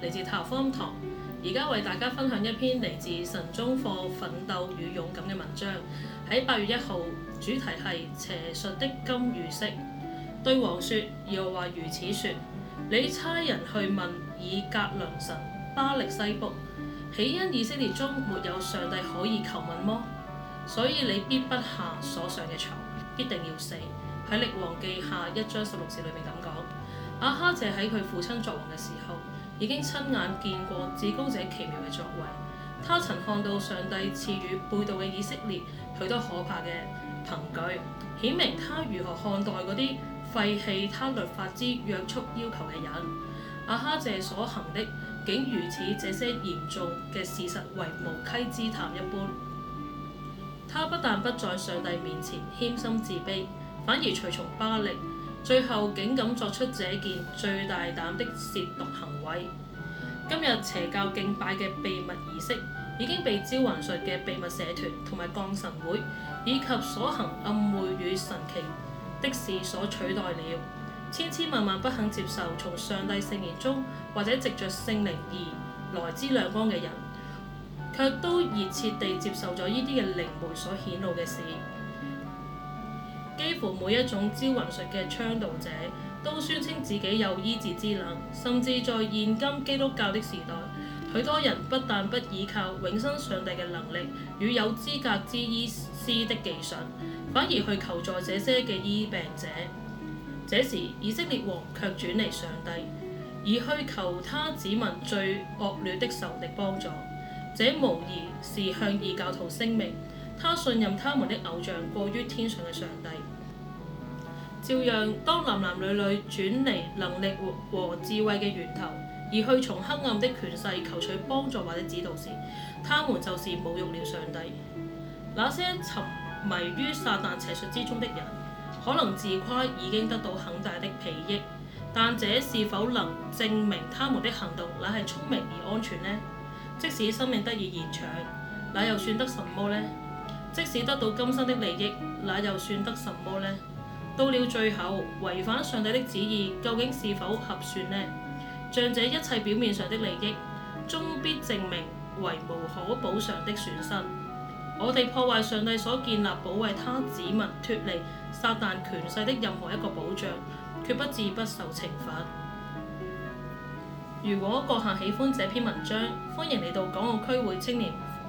嚟自塔方堂，而家為大家分享一篇嚟自神中課奮鬥與勇敢嘅文章。喺八月一號，主題係邪術的今與昔。對王說，又話如此説你差人去問以格良神巴力西卜，起因以色列中沒有上帝可以求問麼？所以你必不下所上嘅床，必定要死。喺列王紀下一章十六節裏面咁講。亞哈謝喺佢父親作王嘅時候。已經親眼見過至高者奇妙嘅作為，他曾看到上帝賜予背道嘅以色列許多可怕嘅憑據，顯明他如何看待嗰啲廢棄他律法之約束要求嘅人。阿哈謝所行的竟如此，這些嚴重嘅事實為無稽之談一般。他不但不在上帝面前謙心自卑，反而隨從巴力。最後竟敢作出這件最大膽的褻瀆行為。今日邪教敬拜嘅秘密儀式，已經被招魂術嘅秘密社團同埋降神會，以及所行暗黴與神奇的事所取代了。千千萬萬不肯接受從上帝聖言中或者藉着聖靈而來之亮光嘅人，卻都熱切地接受咗呢啲嘅靈媒所顯露嘅事。幾乎每一種招魂術嘅倡導者都宣稱自己有醫治之能，甚至在現今基督教的時代，許多人不但不依靠永生上帝嘅能力與有資格之醫師的技術，反而去求助這些嘅醫病者。這時，以色列王卻轉離上帝，而去求他子民最惡劣的仇敵幫助，這無疑是向異教徒聲明。他信任他們的偶像過於天上嘅上帝，照樣當男男女女轉離能力和智慧嘅源頭，而去從黑暗的權勢求取幫助或者指導時，他們就是侮辱了上帝。那些沉迷於撒旦邪術之中的人，可能自誇已經得到很大的裨益，但這是否能證明他們的行動乃係聰明而安全呢？即使生命得以延長，那又算得什麼呢？即使得到今生的利益，那又算得什麼呢？到了最後，違反上帝的旨意，究竟是否合算呢？像這一切表面上的利益，終必證明為無可補償的損失。我哋破壞上帝所建立、保衛他子民、脫離撒旦權勢的任何一個保障，決不至不受懲罰。如果閣下喜歡這篇文章，歡迎嚟到港澳區會青年